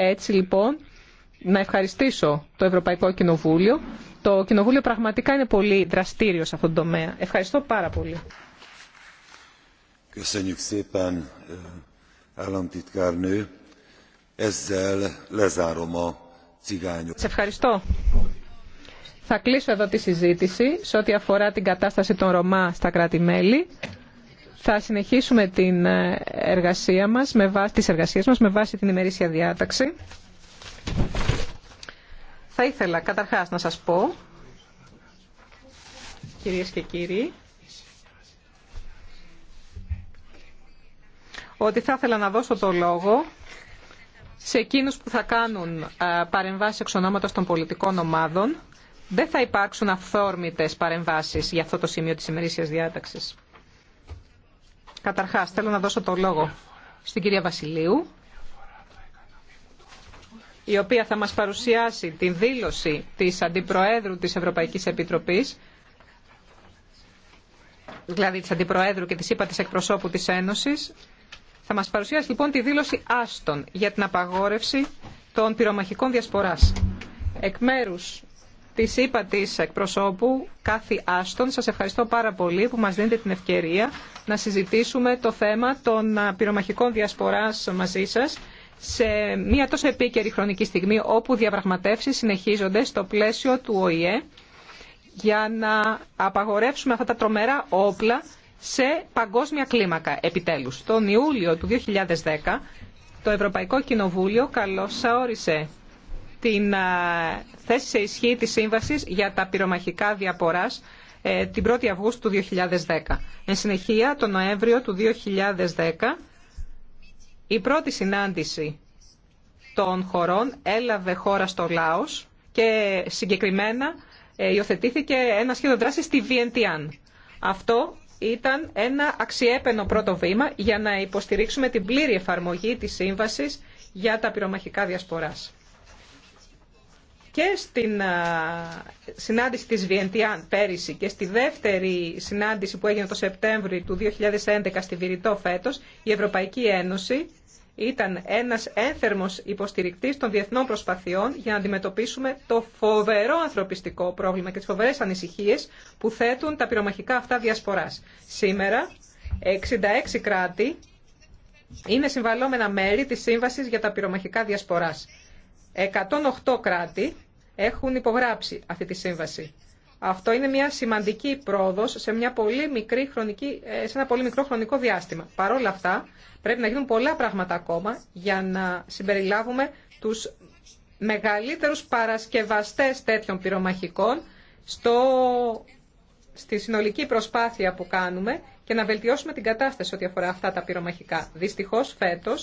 Έτσι λοιπόν, να ευχαριστήσω το Ευρωπαϊκό Κοινοβούλιο. Το Κοινοβούλιο πραγματικά είναι πολύ δραστήριο σε αυτόν τον τομέα. Ευχαριστώ πάρα πολύ. Eh, σε ευχαριστώ. Θα κλείσω εδώ τη συζήτηση σε ό,τι αφορά την κατάσταση των Ρωμά στα κράτη-μέλη. Θα συνεχίσουμε την ε, εργασία μας, με βάση, τις εργασίες μας με βάση την ημερήσια διάταξη. Θα ήθελα καταρχάς να σας πω, κυρίες και κύριοι, ότι θα ήθελα να δώσω το λόγο σε εκείνους που θα κάνουν ε, παρεμβάσεις εξ ονόματος των πολιτικών ομάδων. Δεν θα υπάρξουν αυθόρμητες παρεμβάσεις για αυτό το σημείο της ημερήσιας διάταξης. Καταρχάς, θέλω να δώσω το λόγο στην κυρία Βασιλείου, η οποία θα μας παρουσιάσει την δήλωση της Αντιπροέδρου της Ευρωπαϊκής Επιτροπής, δηλαδή της Αντιπροέδρου και της ΥΠΑ της Εκπροσώπου της Ένωσης. Θα μας παρουσιάσει λοιπόν τη δήλωση Άστον για την απαγόρευση των πυρομαχικών διασποράς. Εκ μέρους της είπα της εκπροσώπου Κάθη Άστον. Σας ευχαριστώ πάρα πολύ που μας δίνετε την ευκαιρία να συζητήσουμε το θέμα των πυρομαχικών διασποράς μαζί σας σε μια τόσο επίκαιρη χρονική στιγμή όπου διαπραγματεύσεις συνεχίζονται στο πλαίσιο του ΟΗΕ για να απαγορεύσουμε αυτά τα τρομερά όπλα σε παγκόσμια κλίμακα επιτέλους. Τον Ιούλιο του 2010 το Ευρωπαϊκό Κοινοβούλιο όρισε την θέση σε ισχύ της σύμβασης για τα πυρομαχικά διαποράς ε, την 1η Αυγούστου του 2010. Εν συνεχεία, τον Νοέμβριο του 2010, η πρώτη συνάντηση των χωρών έλαβε χώρα στο Λάος και συγκεκριμένα ε, υιοθετήθηκε ένα σχέδιο δράσης στη Βιεντιάν. Αυτό ήταν ένα αξιέπαινο πρώτο βήμα για να υποστηρίξουμε την πλήρη εφαρμογή της σύμβασης για τα πυρομαχικά διασποράς και στην συνάντηση της Βιεντιάν πέρυσι και στη δεύτερη συνάντηση που έγινε το Σεπτέμβριο του 2011 στη Βηρητό φέτος, η Ευρωπαϊκή Ένωση ήταν ένας ένθερμος υποστηρικτής των διεθνών προσπαθειών για να αντιμετωπίσουμε το φοβερό ανθρωπιστικό πρόβλημα και τις φοβερές ανησυχίες που θέτουν τα πυρομαχικά αυτά διασποράς. Σήμερα, 66 κράτη είναι συμβαλόμενα μέρη της Σύμβασης για τα πυρομαχικά διασποράς. 108 κράτη έχουν υπογράψει αυτή τη σύμβαση. Αυτό είναι μια σημαντική πρόοδος σε, ε, σε ένα πολύ μικρό χρονικό διάστημα. Παρ' όλα αυτά, πρέπει να γίνουν πολλά πράγματα ακόμα για να συμπεριλάβουμε τους μεγαλύτερους παρασκευαστέ τέτοιων πυρομαχικών στο, στη συνολική προσπάθεια που κάνουμε και να βελτιώσουμε την κατάσταση ό,τι αφορά αυτά τα πυρομαχικά. Δυστυχώ, φέτο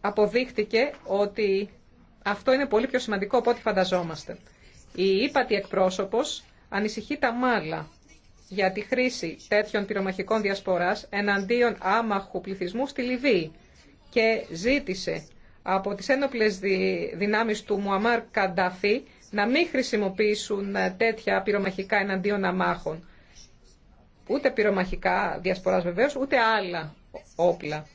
αποδείχτηκε ότι αυτό είναι πολύ πιο σημαντικό από ό,τι φανταζόμαστε. Η ύπατη εκπρόσωπος ανησυχεί τα μάλα για τη χρήση τέτοιων πυρομαχικών διασποράς εναντίον άμαχου πληθυσμού στη Λιβύη και ζήτησε από τις ένοπλες δυνάμεις του Μουαμάρ Κανταφή να μην χρησιμοποιήσουν τέτοια πυρομαχικά εναντίον αμάχων. Ούτε πυρομαχικά διασποράς βεβαίως, ούτε άλλα όπλα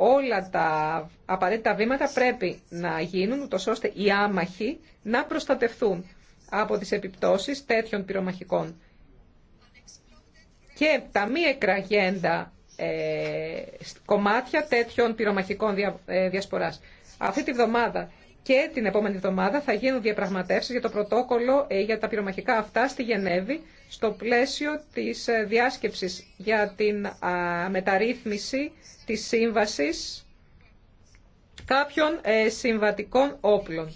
όλα τα απαραίτητα βήματα πρέπει να γίνουν, ούτως ώστε οι άμαχοι να προστατευθούν από τις επιπτώσεις τέτοιων πυρομαχικών. Και τα μη εκραγέντα ε, κομμάτια τέτοιων πυρομαχικών δια, ε, διασποράς. Αυτή τη βδομάδα και την επόμενη εβδομάδα θα γίνουν διαπραγματεύσεις για το πρωτόκολλο ε, για τα πυρομαχικά αυτά στη Γενέβη στο πλαίσιο της ε, διάσκεψης για την μεταρρύθμιση της σύμβασης κάποιων ε, συμβατικών όπλων.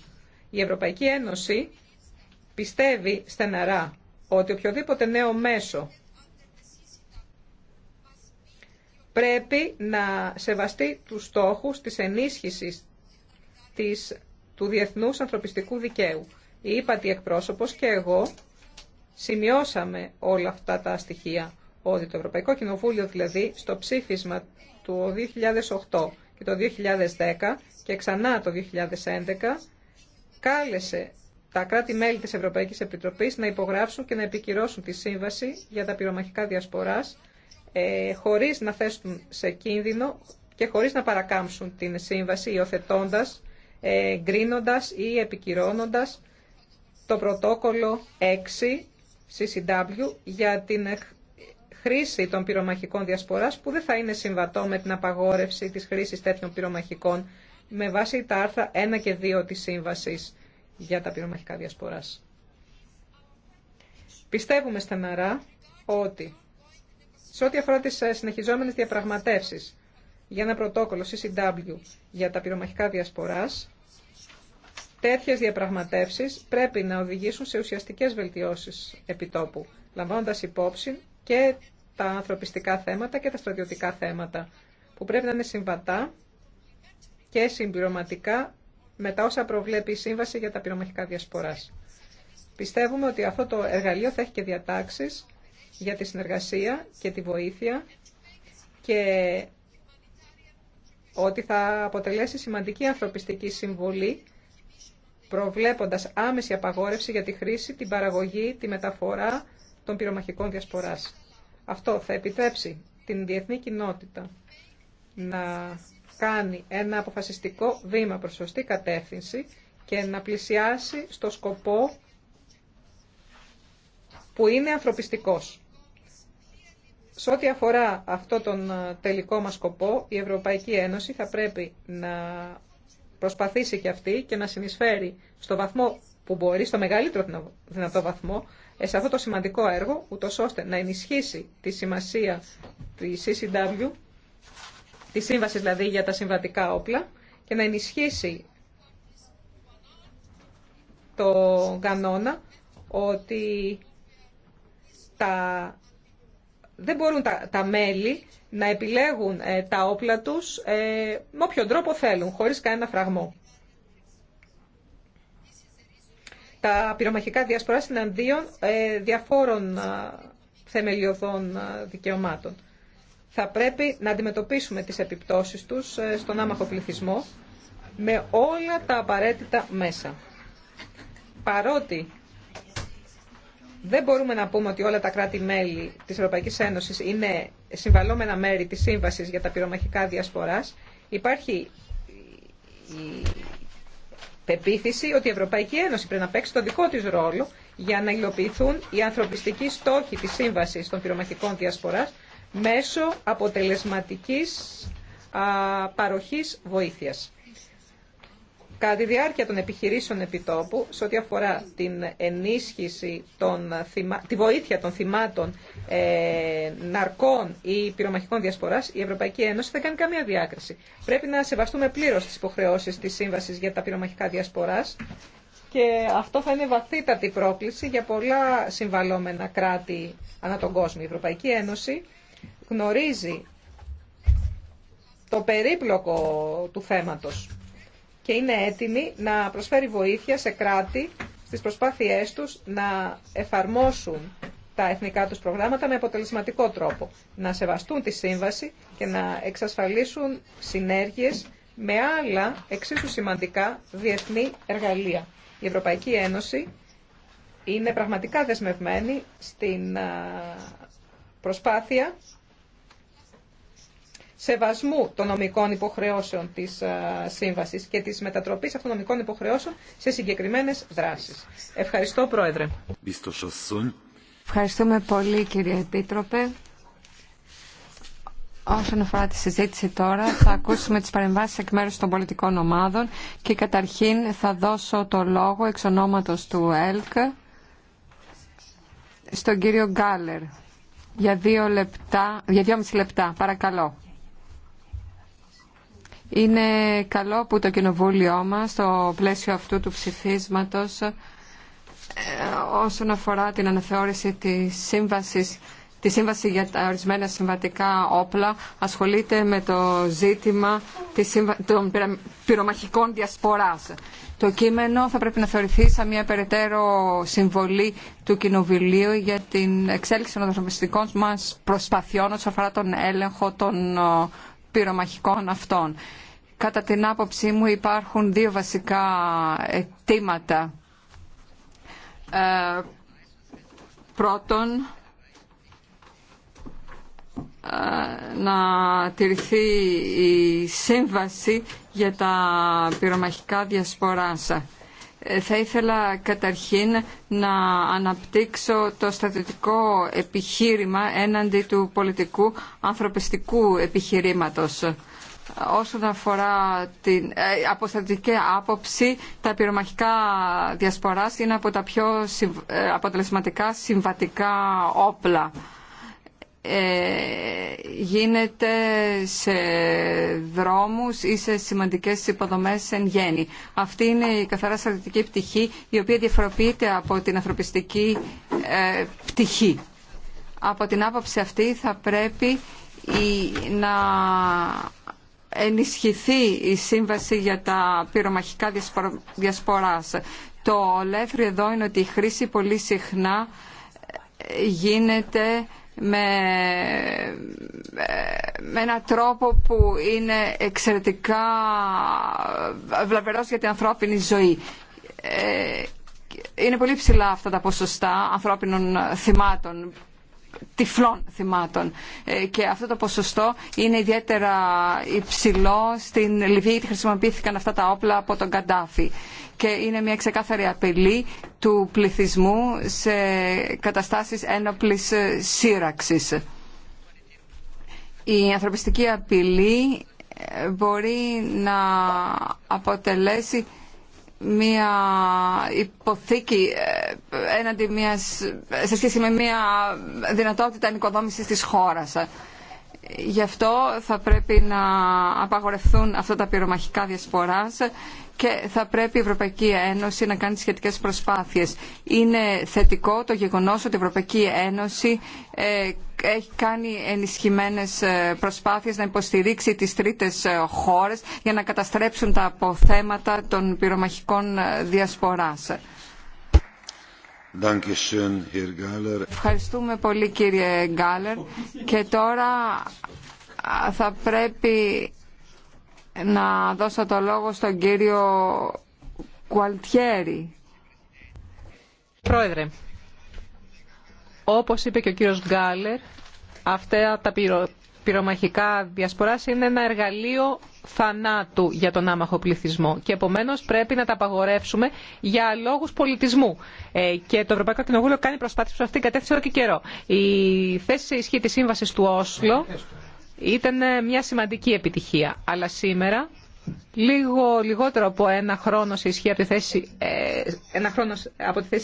Η Ευρωπαϊκή Ένωση πιστεύει στεναρά ότι οποιοδήποτε νέο μέσο πρέπει να σεβαστεί τους στόχους της ενίσχυσης της του Διεθνούς Ανθρωπιστικού Δικαίου. Η ύπατη εκπρόσωπος και εγώ σημειώσαμε όλα αυτά τα στοιχεία, ότι το Ευρωπαϊκό Κοινοβούλιο δηλαδή στο ψήφισμα του 2008 και το 2010 και ξανά το 2011 κάλεσε τα κράτη-μέλη της Ευρωπαϊκής Επιτροπής να υπογράψουν και να επικυρώσουν τη σύμβαση για τα πυρομαχικά διασποράς ε, χωρίς να θέσουν σε κίνδυνο και χωρίς να παρακάμψουν την σύμβαση υιοθετώντα εγκρίνοντας ή επικυρώνοντας το πρωτόκολλο 6 CCW για την χρήση των πυρομαχικών διασποράς που δεν θα είναι συμβατό με την απαγόρευση της χρήσης τέτοιων πυρομαχικών με βάση τα άρθρα 1 και 2 της Σύμβασης για τα πυρομαχικά διασποράς. Πιστεύουμε στεναρά ότι σε ό,τι αφορά τις ε, συνεχιζόμενες διαπραγματεύσεις για ένα πρωτόκολλο CCW για τα πυρομαχικά διασποράς, τέτοιες διαπραγματεύσεις πρέπει να οδηγήσουν σε ουσιαστικές βελτιώσεις επιτόπου, λαμβάνοντας υπόψη και τα ανθρωπιστικά θέματα και τα στρατιωτικά θέματα, που πρέπει να είναι συμβατά και συμπληρωματικά με τα όσα προβλέπει η Σύμβαση για τα πυρομαχικά διασποράς. Πιστεύουμε ότι αυτό το εργαλείο θα έχει και διατάξεις για τη συνεργασία και τη βοήθεια και ότι θα αποτελέσει σημαντική ανθρωπιστική συμβολή προβλέποντας άμεση απαγόρευση για τη χρήση, την παραγωγή, τη μεταφορά των πυρομαχικών διασποράς. Αυτό θα επιτρέψει την διεθνή κοινότητα να κάνει ένα αποφασιστικό βήμα προς σωστή κατεύθυνση και να πλησιάσει στο σκοπό που είναι ανθρωπιστικός. Σε ό,τι αφορά αυτό τον ε, τελικό μας σκοπό, η Ευρωπαϊκή Ένωση θα πρέπει να προσπαθήσει και αυτή και να συνεισφέρει στο βαθμό που μπορεί, στο μεγαλύτερο δυνατό βαθμό, ε, σε αυτό το σημαντικό έργο, ούτω ώστε να ενισχύσει τη σημασία της CCW, τη σύμβαση δηλαδή για τα συμβατικά όπλα, και να ενισχύσει το κανόνα ότι τα δεν μπορούν τα, μέλη να επιλέγουν ε, τα όπλα τους ε, με όποιον τρόπο θέλουν, χωρίς κανένα φραγμό. Τα πυρομαχικά διασπορά είναι αντίον ε, διαφόρων θεμελιωδών δικαιωμάτων. Θα πρέπει να αντιμετωπίσουμε τις επιπτώσεις τους ε, στον άμαχο πληθυσμό με όλα τα απαραίτητα μέσα. Παρότι δεν μπορούμε να πούμε ότι όλα τα κράτη-μέλη της Ευρωπαϊκής Ένωσης είναι συμβαλόμενα μέρη της Σύμβασης για τα πυρομαχικά διασποράς. Υπάρχει η πεποίθηση ότι η Ευρωπαϊκή Ένωση πρέπει να παίξει το δικό της ρόλο για να υλοποιηθούν οι ανθρωπιστικοί στόχοι της Σύμβασης των πυρομαχικών διασποράς μέσω αποτελεσματικής παροχής βοήθειας κατά τη διάρκεια των επιχειρήσεων επιτόπου, σε ό,τι αφορά την ενίσχυση, των τη βοήθεια των θυμάτων ε, ναρκών ή πυρομαχικών διασποράς, η Ευρωπαϊκή Ένωση δεν κάνει καμία διάκριση. Πρέπει να σεβαστούμε πλήρως τις υποχρεώσεις της Σύμβασης για τα πυρομαχικά διασποράς και αυτό θα είναι βαθύτατη πρόκληση για πολλά συμβαλόμενα κράτη ανά τον κόσμο. Η Ευρωπαϊκή Ένωση γνωρίζει το περίπλοκο του θέματος και είναι έτοιμη να προσφέρει βοήθεια σε κράτη στις προσπάθειές τους να εφαρμόσουν τα εθνικά τους προγράμματα με αποτελεσματικό τρόπο, να σεβαστούν τη σύμβαση και να εξασφαλίσουν συνέργειες με άλλα εξίσου σημαντικά διεθνή εργαλεία. Η Ευρωπαϊκή Ένωση είναι πραγματικά δεσμευμένη στην προσπάθεια σεβασμού των νομικών υποχρεώσεων της ε, Σύμβασης και της μετατροπής αυτών των νομικών υποχρεώσεων σε συγκεκριμένες δράσεις. Ευχαριστώ, Πρόεδρε. Ευχαριστούμε πολύ, κύριε Επίτροπε. Όσον αφορά τη συζήτηση τώρα, θα ακούσουμε τις παρεμβάσεις εκ μέρους των πολιτικών ομάδων και καταρχήν θα δώσω το λόγο εξ ονόματος του ΕΛΚ στον κύριο Γκάλερ για δύο λεπτά, για μισή λεπτά. Παρακαλώ. Είναι καλό που το κοινοβούλιο μας στο πλαίσιο αυτού του ψηφίσματος ε, όσον αφορά την αναθεώρηση της σύμβασης τη Σύμβαση για τα ορισμένα συμβατικά όπλα ασχολείται με το ζήτημα των πυρομαχικών διασποράς. Το κείμενο θα πρέπει να θεωρηθεί σαν μια περαιτέρω συμβολή του Κοινοβουλίου για την εξέλιξη των ανθρωπιστικών μας προσπαθειών όσον αφορά τον έλεγχο των πυρομαχικών αυτών. Κατά την άποψή μου υπάρχουν δύο βασικά αιτήματα. Ε, πρώτον, ε, να τηρηθεί η σύμβαση για τα πυρομαχικά διασποράς. Ε, θα ήθελα καταρχήν να αναπτύξω το στατιωτικό επιχείρημα έναντι του πολιτικού ανθρωπιστικού επιχειρήματος. Όσον αφορά την ε, αποστατική άποψη, τα πυρομαχικά διασποράς είναι από τα πιο ε, αποτελεσματικά συμβατικά όπλα. Ε, γίνεται σε δρόμους ή σε σημαντικές υποδομές εν γέννη. Αυτή είναι η καθαρά στρατιωτική πτυχή η οποία διαφοροποιείται από την ανθρωπιστική ε, πτυχή. Από την άποψη αυτή θα πρέπει να ενισχυθεί η σύμβαση για τα πυρομαχικά διασποράς. Το ολέθριο εδώ είναι ότι η χρήση πολύ συχνά ε, γίνεται με, με έναν τρόπο που είναι εξαιρετικά βλαβερός για την ανθρώπινη ζωή. Ε, είναι πολύ ψηλά αυτά τα ποσοστά ανθρώπινων θυμάτων τυφλών θυμάτων ε, και αυτό το ποσοστό είναι ιδιαίτερα υψηλό στην Λιβύη γιατί χρησιμοποιήθηκαν αυτά τα όπλα από τον Καντάφη και είναι μια ξεκάθαρη απειλή του πληθυσμού σε καταστάσεις ένοπλης σύραξης. Η ανθρωπιστική απειλή ε, μπορεί να αποτελέσει μία υποθήκη ε, έναντι μιας, σε σχέση με μία δυνατότητα ανοικοδόμησης της χώρας. Γι' αυτό θα πρέπει να απαγορευτούν αυτά τα πυρομαχικά διασποράς και θα πρέπει η Ευρωπαϊκή Ένωση να κάνει σχετικές προσπάθειες. Είναι θετικό το γεγονός ότι η Ευρωπαϊκή Ένωση ε, έχει κάνει ενισχυμένες ε, προσπάθειες να υποστηρίξει τις τρίτες ε, χώρες για να καταστρέψουν τα αποθέματα των πυρομαχικών διασποράς. Ευχαριστούμε πολύ κύριε Γκάλερ και τώρα θα πρέπει να δώσω το λόγο στον κύριο Κουαλτιέρη. Πρόεδρε, όπως είπε και ο κύριος Γκάλερ, αυτά τα πυρομαχικά διασποράς είναι ένα εργαλείο θανάτου για τον άμαχο πληθυσμό και επομένως πρέπει να τα απαγορεύσουμε για λόγου πολιτισμού. Ε, και το Ευρωπαϊκό Κοινοβούλιο κάνει προσπάθειες σε αυτήν την κατεύθυνση εδώ και καιρό. Η θέση σε ισχύ της σύμβαση του Όσλο ήταν μια σημαντική επιτυχία. Αλλά σήμερα λίγο λιγότερο από ένα χρόνο, από τη θέση, ε, ένα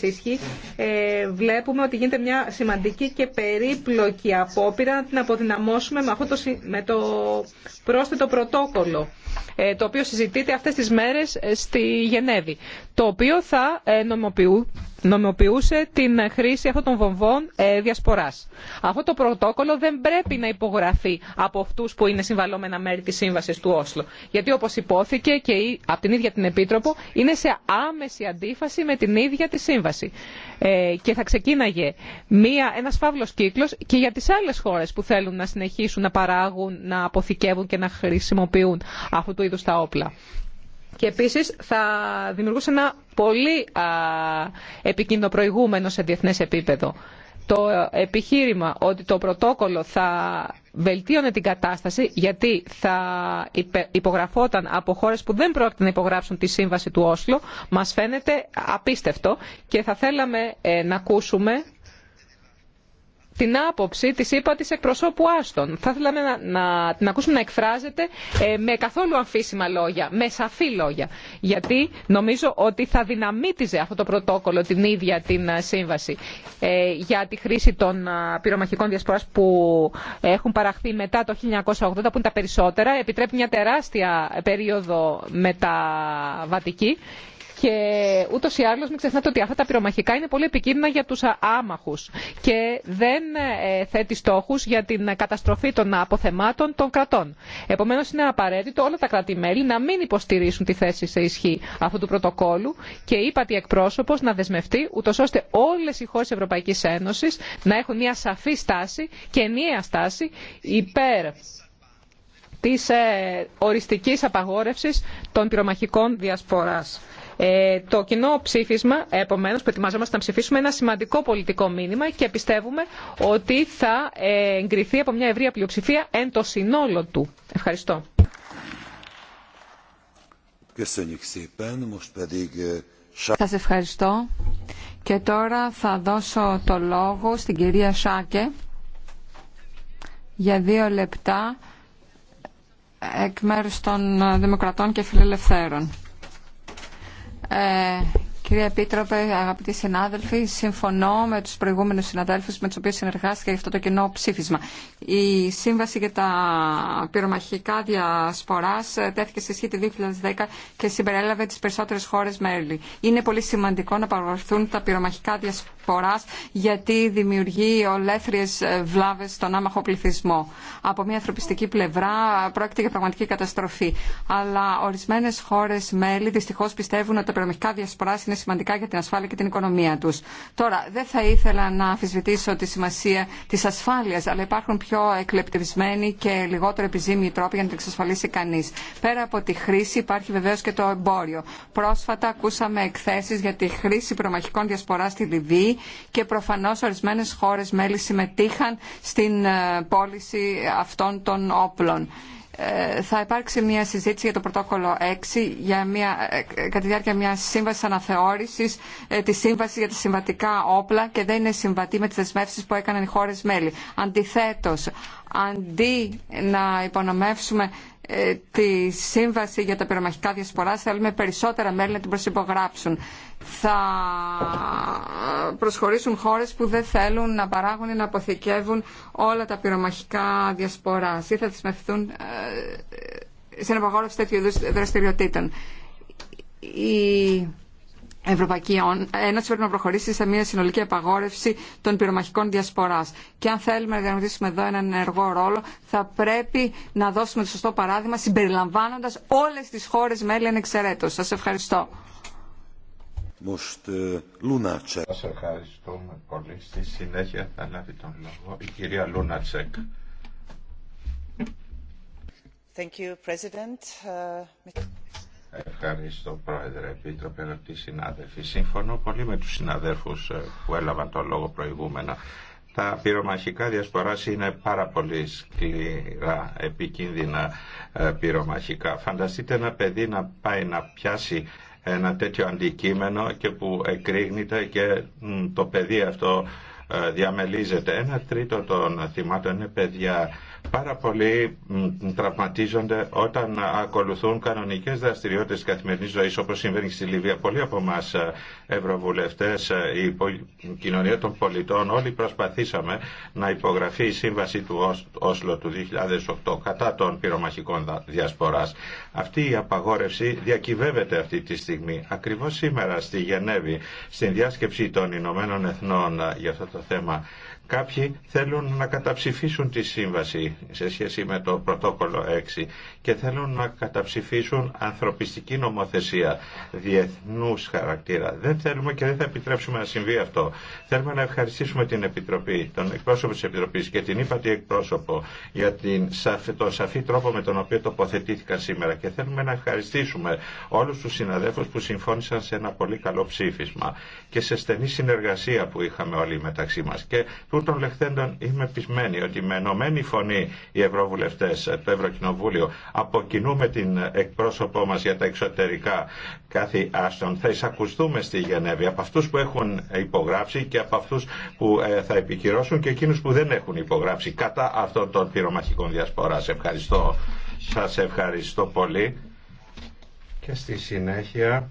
ισχύ ε, βλέπουμε ότι γίνεται μια σημαντική και περίπλοκη απόπειρα να την αποδυναμώσουμε με, αυτό το, με το πρόσθετο πρωτόκολλο ε, το οποίο συζητείται αυτές τις μέρες στη Γενέβη, το οποίο θα νομοποιούν νομιμοποιούσε την χρήση αυτών των βομβών ε, διασποράς. Αυτό το πρωτόκολλο δεν πρέπει να υπογραφεί από αυτούς που είναι συμβαλόμενα μέρη της Σύμβασης του Όσλο. Γιατί όπως υπόθηκε και από την ίδια την Επίτροπο είναι σε άμεση αντίφαση με την ίδια τη Σύμβαση. Ε, και θα ξεκίναγε μία, ένας φαύλος κύκλος και για τις άλλες χώρες που θέλουν να συνεχίσουν να παράγουν, να αποθηκεύουν και να χρησιμοποιούν αυτού του είδους τα όπλα. Και επίσης θα δημιουργούσε ένα πολύ επικίνδυνο προηγούμενο σε διεθνές επίπεδο. Το επιχείρημα ότι το πρωτόκολλο θα βελτίωνε την κατάσταση γιατί θα υπογραφόταν από χώρες που δεν πρόκειται να υπογράψουν τη σύμβαση του Όσλο μας φαίνεται απίστευτο και θα θέλαμε ε, να ακούσουμε την άποψη της είπα της εκπροσώπου Άστον. Θα θέλαμε να, να την ακούσουμε να εκφράζεται ε, με καθόλου αμφίσιμα λόγια, με σαφή λόγια. Γιατί νομίζω ότι θα δυναμίτιζε αυτό το πρωτόκολλο την ίδια την ε, σύμβαση ε, για τη χρήση των πυρομαχικών διασποράς που έχουν παραχθεί μετά το 1980 που είναι τα περισσότερα. Επιτρέπει μια τεράστια περίοδο μεταβατική και ούτω ή άλλω μην ξεχνάτε ότι αυτά τα πυρομαχικά είναι πολύ επικίνδυνα για του άμαχου και δεν ε, θέτει στόχου για την καταστροφή των αποθεμάτων των κρατών. Επομένω είναι απαραίτητο όλα τα κράτη-μέλη να μην υποστηρίσουν τη θέση σε ισχύ αυτού του πρωτοκόλου και είπα ότι εκπρόσωπο να δεσμευτεί ούτω ώστε όλε οι χώρε Ευρωπαϊκή Ένωση να έχουν μια σαφή στάση και ενιαία στάση υπέρ της ε, οριστικής απαγόρευσης των πυρομαχικών διασποράς. Ε, το κοινό ψήφισμα, επομένως, που ετοιμαζόμαστε να ψηφίσουμε, ένα σημαντικό πολιτικό μήνυμα και πιστεύουμε ότι θα ε, εγκριθεί από μια ευρεία πλειοψηφία εν το συνόλο του. Ευχαριστώ. Ε, Σας ευχαριστώ. Και τώρα θα δώσω το λόγο στην κυρία Σάκε για δύο λεπτά εκ μέρους των Δημοκρατών και Φιλελευθέρων. Ε... Κύριε Επίτροπε, αγαπητοί συνάδελφοι, συμφωνώ με τους προηγούμενους συναδέλφους με τους οποίους συνεργάστηκα για αυτό το κοινό ψήφισμα. Η Σύμβαση για τα πυρομαχικά διασποράς τέθηκε σε σχέση το 2010 και συμπερέλαβε τις περισσότερες χώρες μέλη. Είναι πολύ σημαντικό να παραγωγηθούν τα πυρομαχικά διασποράς γιατί δημιουργεί ολέθριες βλάβες στον άμαχο πληθυσμό. Από μια ανθρωπιστική πλευρά πρόκειται για πραγματική καταστροφή. Αλλά ορισμένες χώρες μέλη δυστυχώς πιστεύουν ότι τα πυρομαχικά διασποράς είναι σημαντικά για την ασφάλεια και την οικονομία τους. Τώρα, δεν θα ήθελα να αμφισβητήσω τη σημασία της ασφάλειας, αλλά υπάρχουν πιο εκλεπτευσμένοι και λιγότερο επιζήμιοι τρόποι για να την εξασφαλίσει κανεί. Πέρα από τη χρήση υπάρχει βεβαίω και το εμπόριο. Πρόσφατα ακούσαμε εκθέσεις για τη χρήση προμαχικών διασπορά στη Λιβύη και προφανώ ορισμένε χώρε μέλη συμμετείχαν στην ε, πώληση αυτών των όπλων. Ε, θα υπάρξει μια συζήτηση για το πρωτόκολλο 6 για μια, ε, κατά τη διάρκεια μια σύμβαση αναθεώρηση ε, τη σύμβαση για τα συμβατικά όπλα και δεν είναι συμβατή με τι δεσμεύσει που έκαναν οι χώρε μέλη. Αντιθέτω, αντί να υπονομεύσουμε ε, τη σύμβαση για τα πυρομαχικά διασπορά θέλουμε περισσότερα μέλη να την προσυπογράψουν. Θα προσχωρήσουν χώρες που δεν θέλουν να παράγουν ή να αποθηκεύουν όλα τα πυρομαχικά διασπορά ή θα δεσμευτούν ε, ε, στην απαγόρευση τέτοιου είδου δραστηριοτήτων. η να αποθηκευουν ολα τα πυρομαχικα διασπορα η θα δεσμευτουν στην απαγορευση τετοιου ειδου δραστηριοτητων Ευρωπαϊκή Ένωση πρέπει να προχωρήσει σε μια συνολική απαγόρευση των πυρομαχικών διασπορά. Και αν θέλουμε να διανοηθήσουμε εδώ έναν ενεργό ρόλο, θα πρέπει να δώσουμε το σωστό παράδειγμα, συμπεριλαμβάνοντα όλε τι χώρε μέλη ανεξαιρέτω. Σα ευχαριστώ. Σας ευχαριστούμε πολύ. Στη συνέχεια η κυρία Ευχαριστώ Πρόεδρε, Επίτροπε, αγαπητοί συνάδελφοι. Συμφωνώ πολύ με τους συναδέλφους ε, που έλαβαν το λόγο προηγούμενα. Τα πυρομαχικά διασποράς είναι πάρα πολύ σκληρά, επικίνδυνα ε, πυρομαχικά. Φανταστείτε ένα παιδί να πάει να πιάσει ένα τέτοιο αντικείμενο και που εκρήγνεται και το παιδί αυτό ε, διαμελίζεται. Ένα τρίτο των θυμάτων είναι παιδιά Πάρα πολλοί τραυματίζονται όταν ακολουθούν κανονικέ δραστηριότητε τη καθημερινή ζωή, όπω συμβαίνει στη Λιβύα. Πολλοί από εμά, ε, ευρωβουλευτέ, ε, η κοινωνία των πολιτών, όλοι προσπαθήσαμε να υπογραφεί η σύμβαση του Όσλο του 2008 κατά των πυρομαχικών διασπορά. Αυτή η απαγόρευση διακυβεύεται αυτή τη στιγμή. Ακριβώ σήμερα στη Γενέβη, στην διάσκεψη των Ηνωμένων Εθνών ε, για αυτό το θέμα, Κάποιοι θέλουν να καταψηφίσουν τη σύμβαση σε σχέση με το πρωτόκολλο 6 και θέλουν να καταψηφίσουν ανθρωπιστική νομοθεσία διεθνούς χαρακτήρα. Δεν θέλουμε και δεν θα επιτρέψουμε να συμβεί αυτό. Θέλουμε να ευχαριστήσουμε την Επιτροπή, τον εκπρόσωπο της Επιτροπής και την ύπατη εκπρόσωπο για τον σαφή τρόπο με τον οποίο τοποθετήθηκαν σήμερα και θέλουμε να ευχαριστήσουμε όλους τους συναδέλφους που συμφώνησαν σε ένα πολύ καλό ψήφισμα και σε στενή συνεργασία που είχαμε όλοι μεταξύ μας των λεχθέντων είμαι πεισμένη ότι με ενωμένη φωνή οι Ευρωβουλευτέ, το Ευρωκοινοβούλιο, αποκοινούμε την εκπρόσωπό μα για τα εξωτερικά, κάθε άστον, θα εισακουστούμε στη Γενέβη από αυτού που έχουν υπογράψει και από αυτού που ε, θα επικυρώσουν και εκείνου που δεν έχουν υπογράψει κατά αυτών των πυρομαχικών διασπορά. Ευχαριστώ. Σας ευχαριστώ πολύ. Και στη συνέχεια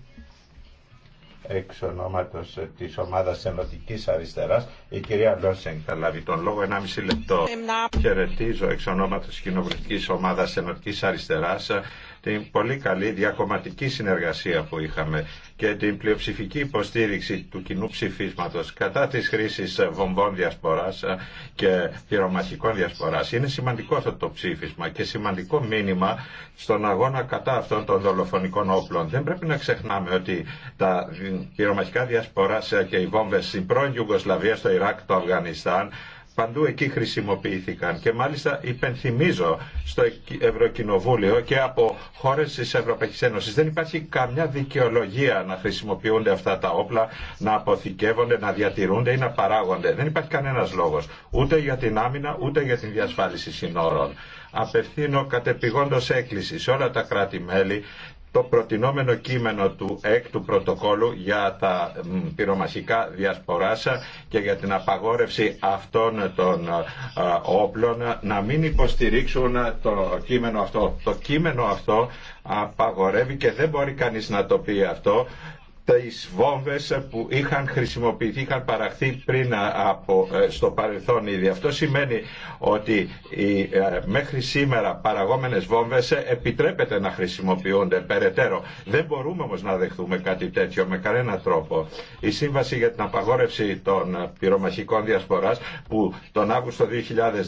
εξ ονόματος ε, της ομάδας Ενωτικής Αριστεράς. Η κυρία Λόσενγκ θα λάβει τον λόγο 1,5 λεπτό. Χαιρετίζω εξ ονόματος Κοινοβουλευτικής Ομάδας Ενωτικής Αριστεράς ε, την πολύ καλή διακομματική συνεργασία που είχαμε και την πλειοψηφική υποστήριξη του κοινού ψηφίσματος κατά της χρήσης βομβών διασποράς και πυρομαχικών διασποράς. Είναι σημαντικό αυτό το ψήφισμα και σημαντικό μήνυμα στον αγώνα κατά αυτών των δολοφονικών όπλων. Δεν πρέπει να ξεχνάμε ότι τα πυρομαχικά διασποράς και οι βόμβες στην πρώην Ιουγκοσλαβία, στο Ιράκ, το Αφγανιστάν παντού εκεί χρησιμοποιήθηκαν και μάλιστα υπενθυμίζω στο Ευρωκοινοβούλιο και από χώρες της Ευρωπαϊκής Ένωσης δεν υπάρχει καμιά δικαιολογία να χρησιμοποιούνται αυτά τα όπλα, να αποθηκεύονται, να διατηρούνται ή να παράγονται. Δεν υπάρχει κανένας λόγος ούτε για την άμυνα ούτε για την διασφάλιση συνόρων απευθύνω κατεπηγόντως έκκληση σε όλα τα κράτη-μέλη το προτινόμενο κείμενο του έκτου πρωτοκόλου για τα πυρομαχικά διασποράσα και για την απαγόρευση αυτών των όπλων να μην υποστηρίξουν το κείμενο αυτό. Το κείμενο αυτό απαγορεύει και δεν μπορεί κανείς να το πει αυτό τις βόμβες που είχαν χρησιμοποιηθεί, είχαν παραχθεί πριν από, ε, στο παρελθόν ήδη. Αυτό σημαίνει ότι οι, ε, μέχρι σήμερα παραγόμενε βόμβε επιτρέπεται να χρησιμοποιούνται περαιτέρω. Δεν μπορούμε όμω να δεχθούμε κάτι τέτοιο με κανένα τρόπο. Η Σύμβαση για την Απαγόρευση των Πυρομαχικών Διασπορά, που τον Αύγουστο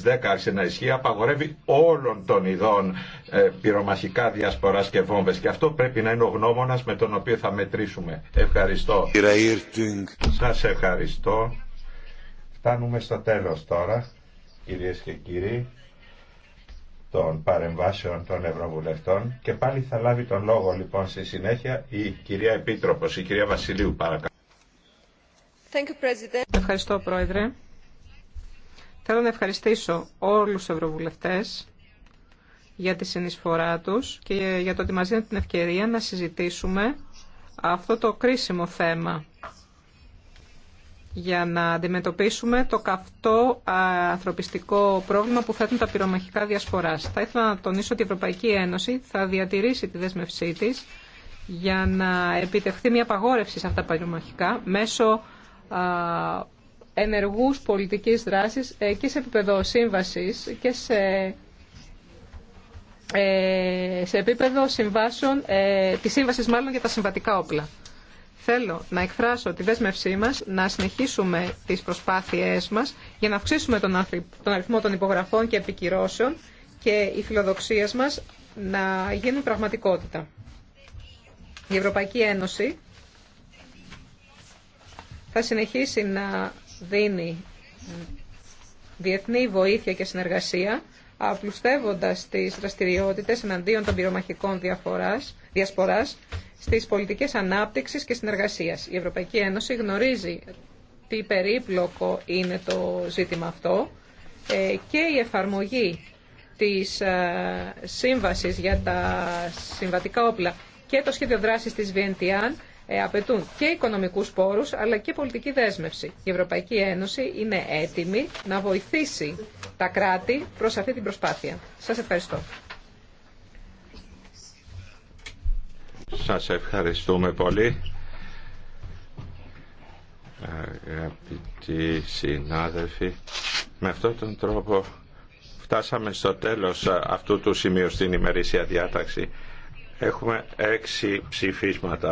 2010 άρχισε να ισχύει απαγορεύει όλων των ειδών ε, πυρομαχικά διασπορά και βόμβε. και αυτό πρέπει να είναι ο γνώμονα με τον οποίο θα μετρήσουμε Ευχαριστώ. Σας ευχαριστώ. Φτάνουμε στο τέλος τώρα, κυρίες και κύριοι, των παρεμβάσεων των Ευρωβουλευτών και πάλι θα λάβει τον λόγο λοιπόν στη συνέχεια η κυρία Επίτροπος, η κυρία Βασιλείου παρακαλώ. Ευχαριστώ Πρόεδρε. Θέλω να ευχαριστήσω όλους τους Ευρωβουλευτές για τη συνεισφορά τους και για το ότι μας δίνουν την ευκαιρία να συζητήσουμε αυτό το κρίσιμο θέμα για να αντιμετωπίσουμε το καυτό ανθρωπιστικό πρόβλημα που θέτουν τα πυρομαχικά διασποράς. Θα ήθελα να τονίσω ότι η Ευρωπαϊκή Ένωση θα διατηρήσει τη δέσμευσή της για να επιτευχθεί μια παγόρευση σε αυτά τα πυρομαχικά μέσω ενεργούς πολιτικής δράσης ε, και σε επίπεδο σύμβασης και σε ε, σε επίπεδο συμβάσεων, ε, τη σύμβασης μάλλον για τα συμβατικά όπλα. Θέλω να εκφράσω τη δέσμευσή μας να συνεχίσουμε τις προσπάθειές μας για να αυξήσουμε τον αριθμό των υπογραφών και επικυρώσεων και οι φιλοδοξίες μας να γίνουν πραγματικότητα. Η Ευρωπαϊκή Ένωση θα συνεχίσει να δίνει διεθνή βοήθεια και συνεργασία απλουστεύοντας τις δραστηριότητες εναντίον των πυρομαχικών διαφοράς, διασποράς στις πολιτικές ανάπτυξης και συνεργασίας. Η Ευρωπαϊκή Ένωση γνωρίζει τι περίπλοκο είναι το ζήτημα αυτό ε, και η εφαρμογή της ε, σύμβασης για τα συμβατικά όπλα και το σχέδιο δράσης της Βιεντιάν ε, απαιτούν και οικονομικούς πόρους αλλά και πολιτική δέσμευση. Η Ευρωπαϊκή Ένωση είναι έτοιμη να βοηθήσει τα κράτη προς αυτή την προσπάθεια. Σα ευχαριστώ. Σας ευχαριστούμε πολύ. Αγαπητοί συνάδελφοι, με αυτόν τον τρόπο φτάσαμε στο τέλος αυτού του σημείου στην ημερήσια διάταξη. Έχουμε έξι ψηφίσματα.